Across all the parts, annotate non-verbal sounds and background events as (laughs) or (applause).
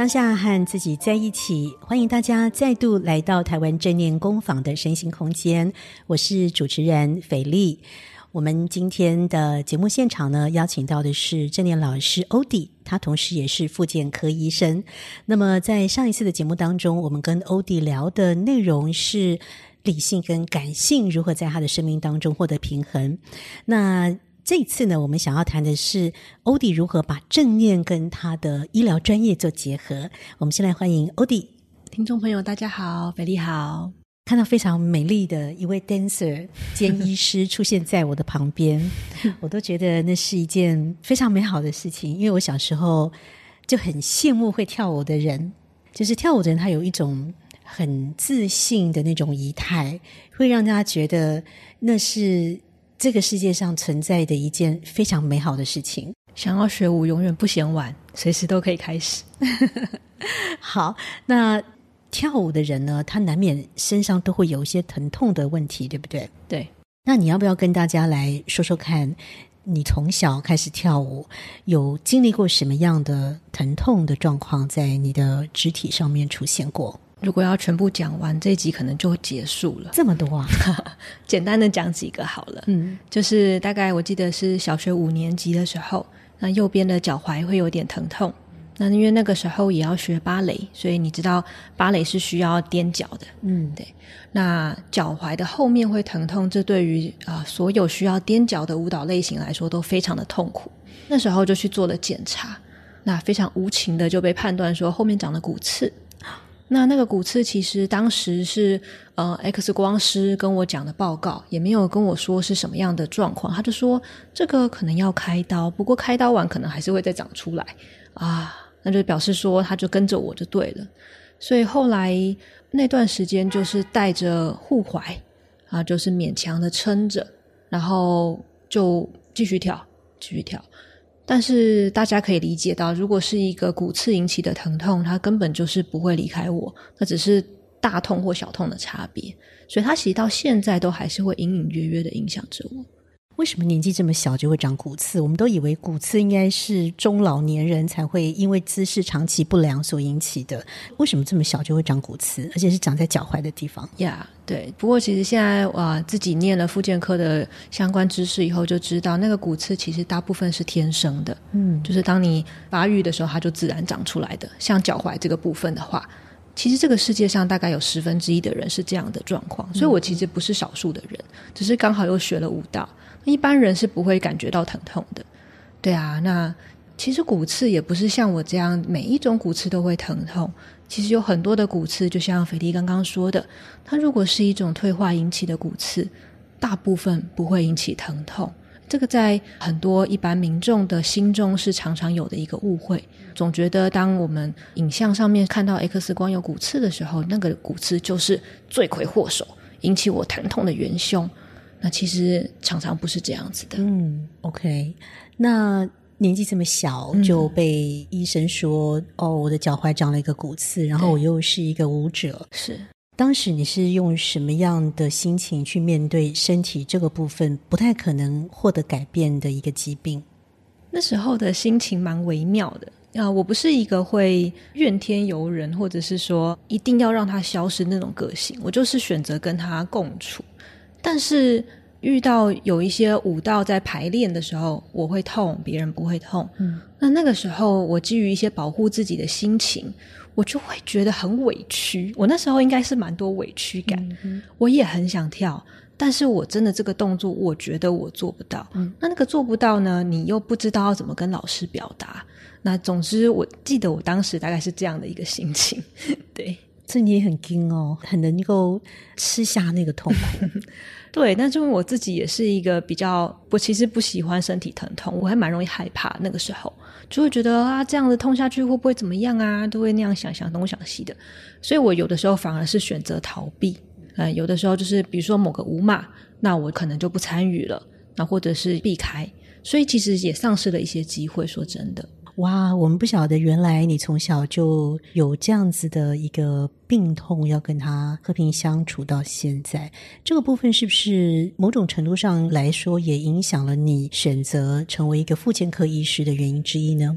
當下和自己在一起，歡迎大家再度來到台灣正念工坊的身心空間。我是主持人斐莉。我們今天的節目現場呢，邀請到的是正念老師 Odi，他同時也是復健科醫生。那麼在上一次的節目當中，我們跟 Odi 聊的內容是理性跟感性如何在他的生命當中獲得平衡。那。這一次呢，我們想要談的是 Odi 如何把正念跟他的醫療專業做結合。我們先來歡迎 Odi。聽眾朋友大家好，斐莉好。看到非常美麗的一位 dancer 兼醫師出現在我的旁邊， (laughs) 我都覺得那是一件非常美好的事情。因為我小時候就很羨慕會跳舞的人，就是跳舞的人，他有一種很自信的那種儀態，會讓大家覺得那是。這個世界上存在的一件非常美好的事情。想要學舞，永遠不嫌晚，隨時都可以開始。 (laughs) 好，那跳舞的人呢，他難免身上都會有一些疼痛的問題，對不對？對。那你要不要跟大家來說說看，你從小開始跳舞，有經歷過什麼樣的疼痛的狀況在你的肢體上面出現過？如果要全部講完，這一集可能就結束了。這麼多啊！ (laughs) 簡單的講幾個好了。嗯，就是大概我記得是小學五年級的時候，那右邊的腳踝會有點疼痛。那因為那個時候也要學芭蕾，所以你知道芭蕾是需要踮腳的。嗯，對。那腳踝的後面會疼痛，這對於啊、呃、所有需要踮腳的舞蹈類型來說都非常的痛苦。那時候就去做了檢查，那非常無情的就被判斷說後面長了骨刺。那那個骨刺其實當時是呃 X 光師跟我講的報告，也沒有跟我說是什麼樣的狀況，他就說這個可能要開刀，不過開刀完可能還是會再長出來啊，那就表示說他就跟着我就對了，所以後來那段時間就是帶着護踝啊，就是勉強的撐着，然後就繼續跳，繼續跳。但是大家可以理解到，如果是一個骨刺引起的疼痛，他根本就是不會離開我，那只是大痛或小痛的差別，所以他其實到現在都還是會隱隱約約的影響着我。為什麼年紀這麼小就會長骨刺？我們都以為骨刺應該是中老年人才會因為姿勢長期不良所引起的。為什麼這麼小就會長骨刺，而且是長在腳踝的地方？呀，yeah, 對。不過其實現在啊、呃，自己念了復健科的相關知識以後，就知道那個骨刺其實大部分是天生的。嗯，就是當你發育的時候，它就自然長出來的。像腳踝這個部分的話，其實這個世界上大概有十分之一的人是這樣的狀況。所以我其實不是少數的人，嗯、只是剛好又學了舞蹈。一般人是不會感覺到疼痛的，對啊。那其實骨刺也不是像我這樣每一種骨刺都會疼痛。其實有很多的骨刺，就像斐莉剛剛說的，它如果是一種退化引起的骨刺，大部分不會引起疼痛。這個在很多一般民眾的心中是常常有的一個誤會，總覺得當我們影像上面看到 X 光有骨刺的時候，那個骨刺就是罪魁禍首，引起我疼痛的元凶。那其實常常不是這樣子的。嗯，OK。那年紀這麼小就被醫生說：“嗯、哦，我的腳踝長了一個骨刺。對”然後我又是一個舞者。是。當時你是用什麼樣的心情去面對身體這個部分不太可能獲得改變的一個疾病？那時候的心情蠻微妙的。啊，我不是一個會怨天尤人，或者是說一定要讓它消失那種個性。我就是選擇跟它共處。但是遇到有一些舞蹈在排練的時候，我會痛，別人不會痛。嗯，那那個時候我基於一些保護自己的心情，我就會覺得很委屈。我那時候應該是蠻多委屈感。嗯哼。我也很想跳，但是我真的這個動作，我覺得我做不到。嗯，那那個做不到呢？你又不知道要怎麼跟老師表達。那總之，我記得我當時大概是這樣的一個心情，對。這你很驚哦，很能夠吃下那個痛。 (laughs) 對，但是我自己也是一個比較，我其實不喜歡身體疼痛，我還蠻容易害怕。那個時候就會覺得啊，這樣子痛下去會不會怎麼樣啊？都會那樣想想東想西，西的，所以我有的時候反而是選擇逃避。呃，有的時候就是比如說某個舞碼，那我可能就不參與了，那或者是避開。所以其實也喪失了一些機會，說真的。哇，我們不曉得，原來你從小就有這樣子的一個病痛，要跟他和平相處到現在。這個部分是不是某種程度上來說，也影響了你選擇成為一個復健科醫師的原因之一呢？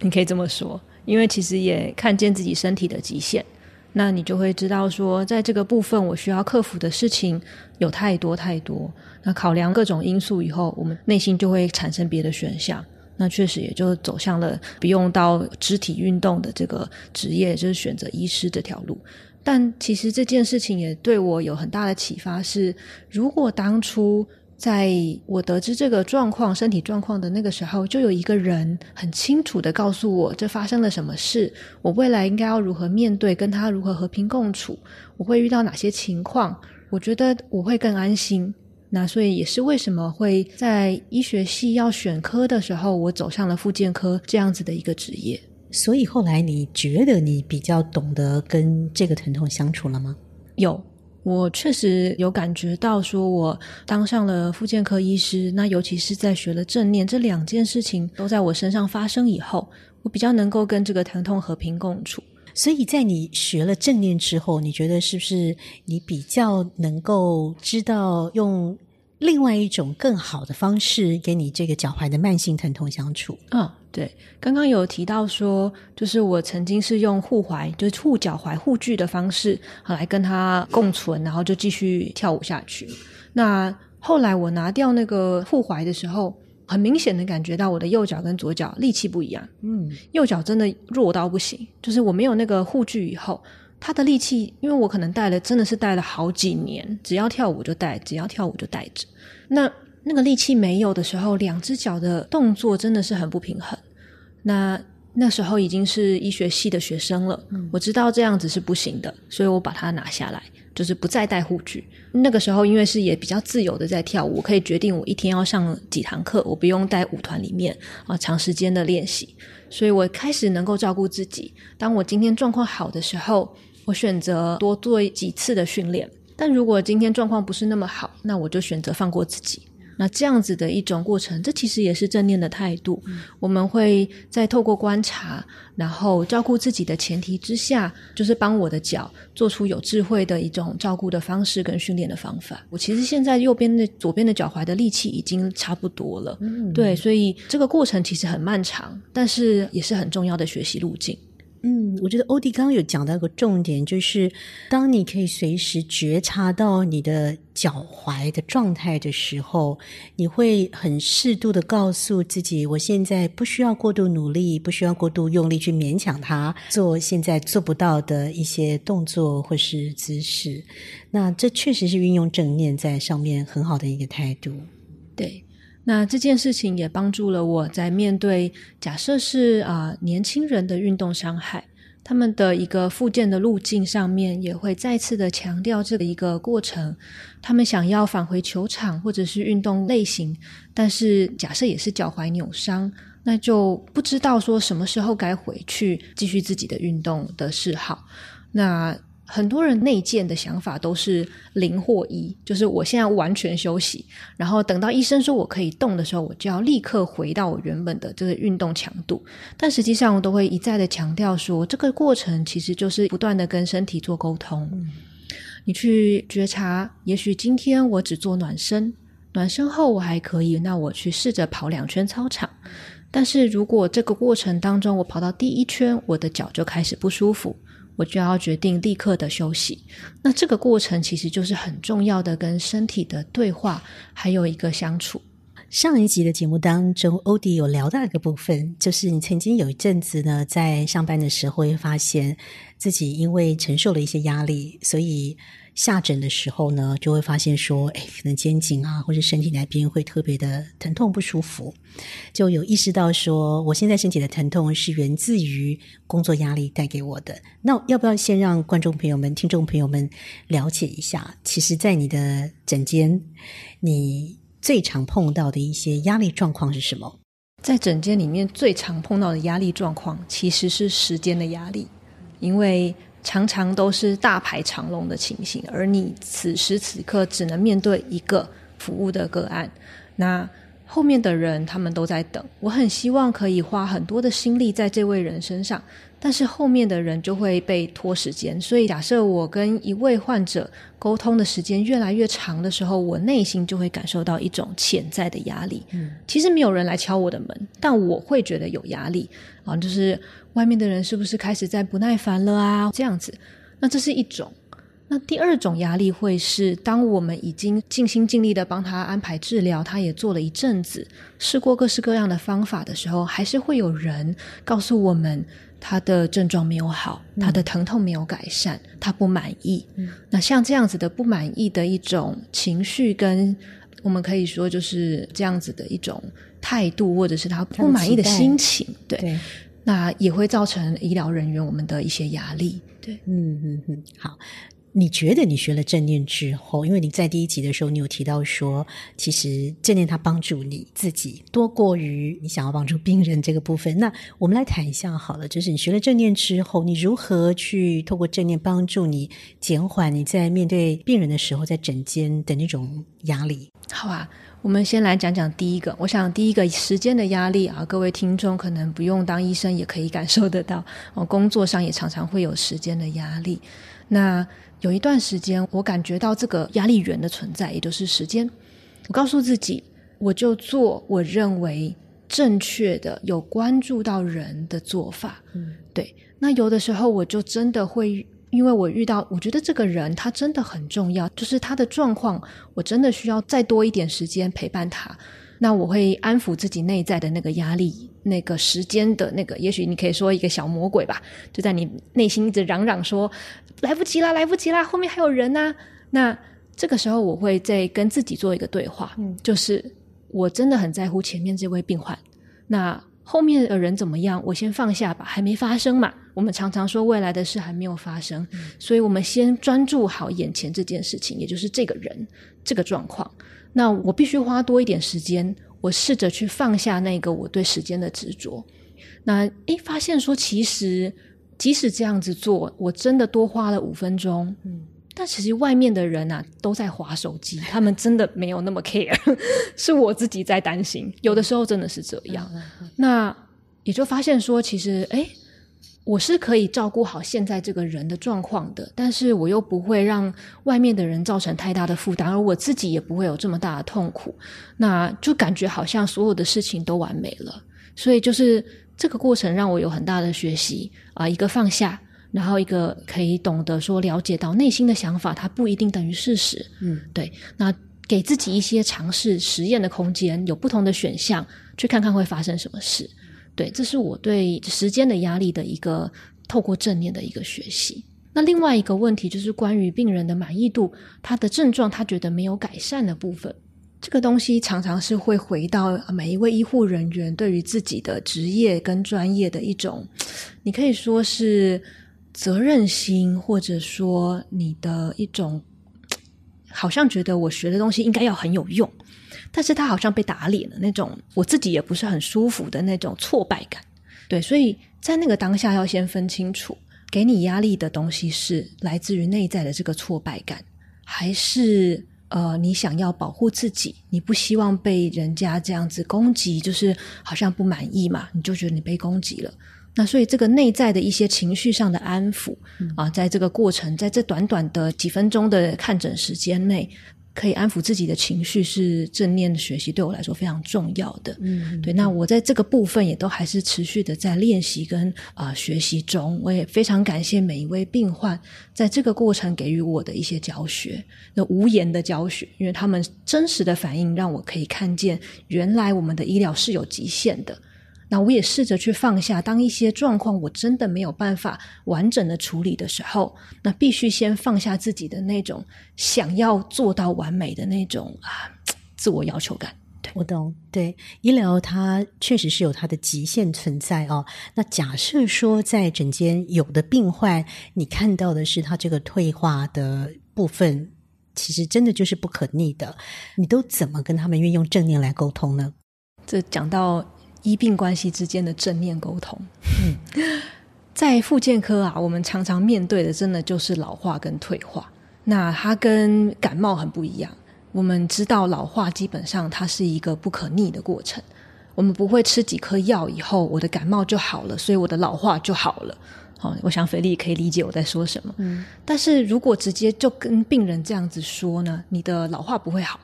你可以這麼說，因為其實也看見自己身體的極限，那你就會知道說，在這個部分我需要克服的事情有太多太多。那考量各種因素以後，我們內心就會產生別的選項。那確實，也就走向了不用到肢體運動的這個職業，就是選擇醫師這條路。但其實這件事情也對我有很大的啟發，是如果當初在我得知這個狀況、身體狀況的那個時候，就有一個人很清楚地告訴我，這發生了什麼事，我未來應該要如何面對，跟他如何和平共處，我會遇到哪些情況，我覺得我會更安心。那所以也是為什麼會在醫學系要選科的時候，我走上了復健科這樣子的一個職業。所以後來你覺得你比較懂得跟這個疼痛相處了嗎？有，我確實有感覺到，說我當上了復健科醫師，那尤其是在學了正念這兩件事情都在我身上發生以後，我比較能夠跟這個疼痛和平共處。所以在你學了正念之後，你覺得是不是你比較能夠知道用？另外一種更好的方式，給你這個腳踝的慢性疼痛相處。嗯、哦，對，剛剛有提到說，就是我曾經是用護踝，就是護腳踝護具的方式，來跟它共存，嗯、然後就繼續跳舞下去。那後來我拿掉那個護踝的時候，很明顯的感覺到我的右腳跟左腳力氣不一樣。嗯，右腳真的弱到不行，就是我沒有那個護具以後。他的力氣，因為我可能戴了，真的是戴了好幾年，只要跳舞就戴，只要跳舞就戴著。那那個力氣沒有的時候，兩只腳的動作真的是很不平衡。那那時候已經是醫學系的學生了，我知道這樣子是不行的，所以我把它拿下來，就是不再戴護具。那個時候因為是也比較自由的在跳舞，我可以決定我一天要上幾堂課，我不用在舞團裡面啊長時間的練習，所以我開始能夠照顧自己。當我今天狀況好的時候。我選擇多做幾次的訓練，但如果今天狀況不是那麼好，那我就選擇放過自己。那這樣子的一種過程，這其實也是正念的態度。嗯、我們會在透過觀察，然後照顧自己的前提之下，就是幫我的腳做出有智慧的一種照顧的方式跟訓練的方法。我其實現在右邊的、左邊的腳踝的力氣已經差不多了，嗯、對，所以這個過程其實很漫長，但是也是很重要的學習路徑。嗯，我覺得 Odi 剛剛有講到一個重點，就是當你可以隨時覺察到你的腳踝的狀態的時候，你會很適度的告訴自己，我現在不需要過度努力，不需要過度用力去勉強他做現在做不到的一些動作或是姿勢。那這確實是運用正念在上面很好的一個態度，對。那這件事情也幫助了我在面對，假設是啊、呃、年輕人的運動傷害，他們的一個復健的路徑上面也會再次的強調這個一個過程，他們想要返回球場或者是運動類型，但是假設也是腳踝扭傷，那就不知道說什麼時候該回去繼續自己的運動的嗜好，那。很多人內建的想法都是零或一，就是我現在完全休息，然後等到醫生說我可以動的時候，我就要立刻回到我原本的這個運動強度。但實際上，我都會一再的強調說，這個過程其實就是不斷的跟身體做溝通。你去覺察，也許今天我只做暖身，暖身後我還可以，那我去試着跑兩圈操場。但是如果這個過程當中，我跑到第一圈，我的腳就開始不舒服。我就要決定立刻的休息，那這個過程其實就是很重要的跟身體的對話，還有一個相處。上一集的節目當中，Odi 有聊到一個部分，就是你曾經有一陣子呢，在上班的時候，會發現自己因為承受了一些壓力，所以。下診的時候呢，就會發現說，哎，可能肩頸啊，或者身體哪邊會特別的疼痛不舒服，就有意識到說，我現在身體的疼痛是源自於工作壓力帶給我的。那要不要先讓觀眾朋友們、聽眾朋友們了解一下，其實，在你的診間你最常碰到的一些壓力狀況是什麼？在診間裡面最常碰到的壓力狀況，其實是時間的壓力，因為。常常都是大排長龍的情形，而你此時此刻只能面對一個服務的個案，那後面的人他們都在等。我很希望可以花很多的心力在這位人身上，但是後面的人就會被拖時間。所以，假設我跟一位患者溝通的時間越來越長的時候，我內心就會感受到一種潛在的壓力。嗯，其實沒有人來敲我的門，但我會覺得有壓力啊，就是。外面的人是不是開始在不耐煩了啊？這樣子，那這是一種。那第二種壓力會是，當我們已經盡心盡力的幫他安排治療，他也做了一陣子，試過各式各樣的方法的時候，還是會有人告訴我們他的症狀沒有好，嗯、他的疼痛沒有改善，嗯、他不滿意。嗯、那像這樣子的不滿意的一種情緒，跟我們可以說就是這樣子的一種態度，或者是他不滿意的心情，對。那也會造成醫療人員我們的一些壓力。對，嗯嗯嗯，好。你覺得你學了正念之後，因為你在第一集的時候你有提到說，其實正念它幫助你自己多過於你想要幫助病人這個部分。那我們來談一下好了，就是你學了正念之後，你如何去透過正念幫助你減緩你在面對病人的時候在診間的那種壓力？好啊，我們先來講講第一個，我想第一個時間的壓力啊，各位聽眾可能不用當醫生也可以感受得到，啊，工作上也常常會有時間的壓力，那。有一段時間，我感覺到這個壓力源的存在，也就是時間。我告訴自己，我就做我認為正確的、有關注到人的做法。嗯，對。那有的時候，我就真的會，因為我遇到，我覺得這個人他真的很重要，就是他的狀況，我真的需要再多一點時間陪伴他。那我會安撫自己內在的那個壓力，那個時間的那個，也許你可以說一個小魔鬼吧，就在你內心一直嚷嚷說：“來不及啦，來不及啦，後面還有人呢、啊。”那這個時候，我會再跟自己做一個對話，嗯、就是我真的很在乎前面這位病患，那後面的人怎麼樣，我先放下吧，還沒發生嘛。我們常常說未來的事還沒有發生，嗯、所以我們先專注好眼前這件事情，也就是這個人這個狀況。那我必須花多一點時間，我試着去放下那個我對時間的執着。那哎、欸，發現說其實即使這樣子做，我真的多花了五分鐘，嗯、但其實外面的人啊都在滑手機，他們真的沒有那麼 care， (laughs) 是我自己在擔心，有的時候真的是這樣。嗯嗯嗯、那也就發現說，其實、欸我是可以照顧好現在這個人的狀況的，但是我又不會讓外面的人造成太大的負擔，而我自己也不會有這麼大的痛苦，那就感覺好像所有的事情都完美了。所以就是這個過程讓我有很大的學習啊，呃，一個放下，然後一個可以懂得說了解到內心的想法，它不一定等於事實。嗯，對。那給自己一些嘗試實驗的空間，有不同的選項，去看看會發生什麼事。對，這是我對時間的壓力的一個透過正念的一個學習。那另外一個問題就是關於病人的滿意度，他的症狀，他覺得沒有改善的部分，這個東西常常是會回到每一位醫護人員對於自己的職業跟專業的一種，你可以說是責任心，或者說你的一種，好像覺得我學的東西應該要很有用。但是他好像被打臉了那種，我自己也不是很舒服的那種挫敗感，對，所以在那個當下要先分清楚，給你壓力的東西是來自於內在的這個挫敗感，還是呃你想要保護自己，你不希望被人家這樣子攻擊，就是好像不滿意嘛，你就覺得你被攻擊了。那所以這個內在的一些情緒上的安撫，嗯，啊，在這個過程，在這短短的幾分鐘的看診時間內。可以安撫自己的情緒，是正念的學習對我來說非常重要的。嗯，嗯，嗯，對，那我在這個部分也都還是持續的在練習跟啊、呃、學習中。我也非常感謝每一位病患在這個過程給予我的一些教學，那無言的教學，因為他們真實的反應讓我可以看見，原來我們的醫療是有極限的。那我也試着去放下，當一些狀況我真的沒有辦法完整的處理的時候，那必須先放下自己的那種想要做到完美的那種啊自我要求感。對，我懂。對，醫療它確實是有它的極限存在哦。那假設說，在診間有的病患，你看到的是他這個退化的部分，其實真的就是不可逆的。你都怎麼跟他們運用正念來溝通呢？這講到。醫病關係之間的正面溝通，嗯、在復健科啊，我們常常面對的，真的就是老化跟退化。那它跟感冒很不一樣。我們知道老化基本上它是一個不可逆的過程，我們不會吃幾顆藥以後，我的感冒就好了，所以我的老化就好了。好，哦，我想斐莉可以理解我在說什麼。嗯、但是如果直接就跟病人這樣子說呢，你的老化不會好，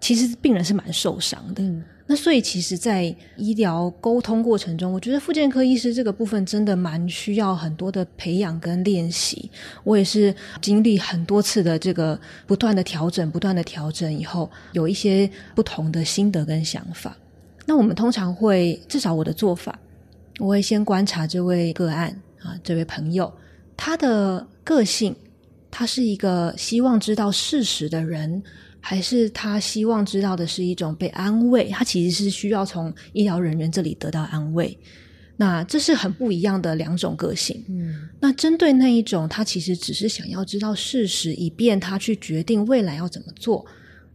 其實病人是蠻受傷的。嗯那所以，其實，在醫療溝通過程中，我覺得復健科醫師這個部分真的蠻需要很多的培養跟練習。我也是經歷很多次的這個不斷的調整，不斷的調整以後，有一些不同的心得跟想法。那我們通常會，至少我的做法，我會先觀察這位個案啊，這位朋友，他的個性，他是一個希望知道事實的人。還是他希望知道的是一種被安慰，他其實是需要從醫療人員這裡得到安慰。那這是很不一樣的兩種個性。嗯，那針對那一種，他其實只是想要知道事實，以便他去決定未來要怎麼做。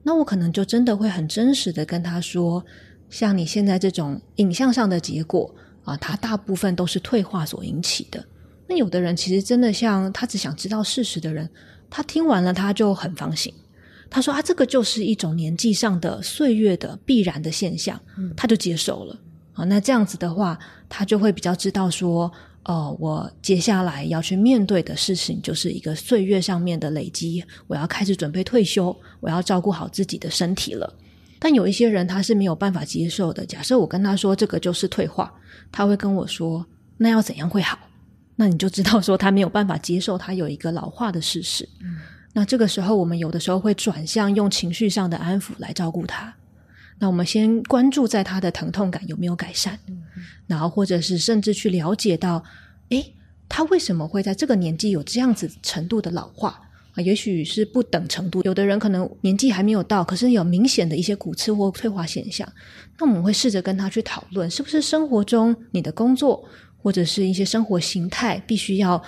那我可能就真的會很真實地跟他說，像你現在這種影像上的結果啊，他大部分都是退化所引起的。那有的人其實真的像他只想知道事實的人，他聽完了他就很放心。他說：“啊，這個就是一種年紀上的歲月的必然的現象。”他就接受了。嗯。啊，那這樣子的話，他就會比較知道說：“哦，呃，我接下來要去面對的事情，就是一個歲月上面的累積，我要開始準備退休，我要照顧好自己的身體了。”但有一些人他是沒有辦法接受的。假設我跟他說這個就是退化，他會跟我說：“那要怎樣會好？”那你就知道說他沒有辦法接受他有一個老化的事實。那這個時候，我們有的時候會轉向用情緒上的安撫來照顧他。那我們先關注在他的疼痛感有沒有改善，嗯、然後或者是甚至去了解到，誒，他為什麼會在這個年紀有這樣子程度的老化？啊，也許是不等程度，有的人可能年紀還沒有到，可是有明顯的一些骨刺或退化現象。那我們會試着跟他去討論，是不是生活中你的工作或者是一些生活形態必須要。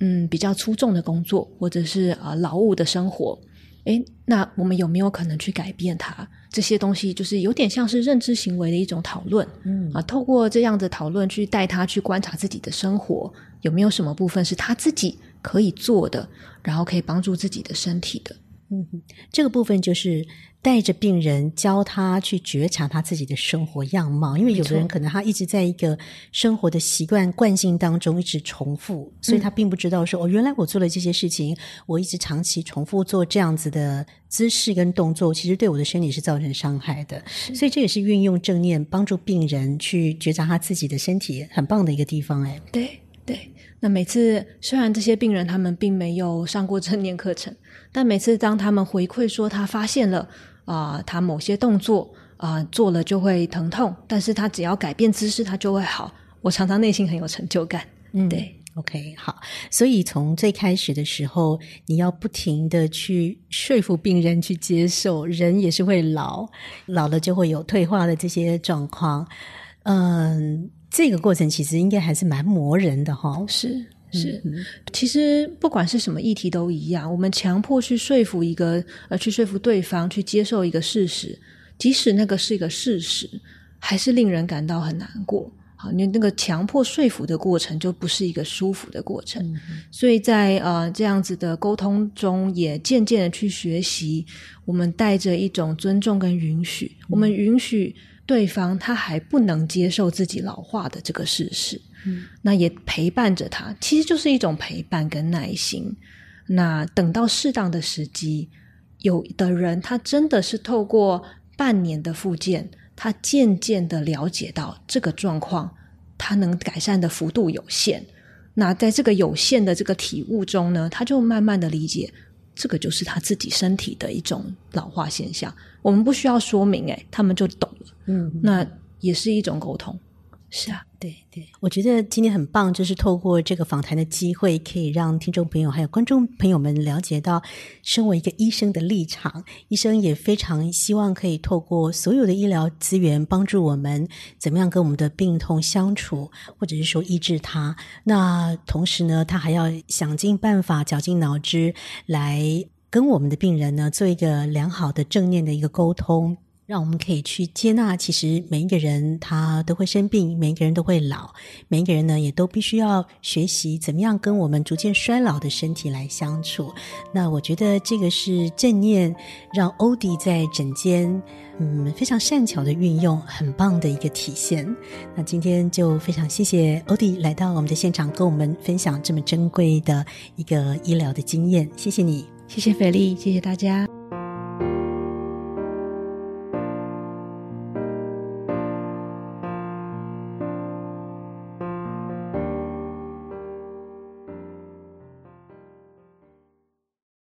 嗯，比較粗重的工作，或者是勞務、呃、的生活，誒，那我們有沒有可能去改變它？這些東西就是有點像是認知行為的一種討論，嗯、啊、透過這樣的討論去帶他去觀察自己的生活，有沒有什麼部分是他自己可以做的，然後可以幫助自己的身體的，嗯，這個部分就是。帶着病人教他去覺察他自己的生活樣貌，因為有的人可能他一直在一個生活的習慣慣性當中一直重複，所以他並不知道說、嗯、哦，原來我做了這些事情，我一直長期重複做這樣子的姿勢跟動作，其實對我的身體是造成傷害的。是所以這也是運用正念幫助病人去覺察他自己的身體很棒的一個地方。哎，對。每次雖然這些病人他們並沒有上過正念課程，但每次當他們回饋說他發現了啊、呃，他某些動作啊、呃、做了就會疼痛，但是他只要改變姿勢，他就會好。我常常內心很有成就感。嗯，對，OK，好。所以從最開始的時候，你要不停地去說服病人去接受，人也是會老，老了就會有退化的這些狀況。嗯。這個過程其實應該還是蠻磨人的哈。哦，是是，其實不管是什麼議題都一樣，我們強迫去說服一個，呃，去說服對方去接受一個事實，即使那個是一個事實，還是令人感到很難過。好，你那個強迫說服的過程就不是一個舒服的過程。嗯、哼所以在呃這樣子的溝通中，也漸漸的去學習，我們帶着一種尊重跟允許，我們允許、嗯。對方他還不能接受自己老化的這個事實，嗯，那也陪伴着他，其實就是一種陪伴跟耐心。那等到適當的時機，有的人他真的是透過半年的復健，他漸漸的了解到這個狀況，他能改善的幅度有限。那在這個有限的這個體悟中呢，他就慢慢的理解。這個就是他自己身體的一種老化現象，我們不需要說明、欸，誒，他們就懂了。嗯，那也是一種溝通。是啊，對對，我覺得今天很棒，就是透過這個訪談的機會，可以讓聽眾朋友還有觀眾朋友們了解到，身為一個醫生的立場，醫生也非常希望可以透過所有的醫療資源幫助我們，怎麼樣跟我們的病痛相處，或者是說醫治它。那同時呢，他還要想盡辦法、絞盡腦汁來跟我們的病人呢做一個良好的正念的一個溝通。讓我們可以去接納，其實每一個人他都會生病，每一個人都會老，每一個人呢也都必須要學習怎麼樣跟我們逐漸衰老的身體來相處。那我覺得這個是正念讓 Odi 在診間嗯，非常善巧的運用，很棒的一個體現。那今天就非常謝謝 Odi 來到我們的現場，跟我們分享這麼珍貴的一個醫療的經驗。謝謝你，謝謝斐莉，謝謝大家。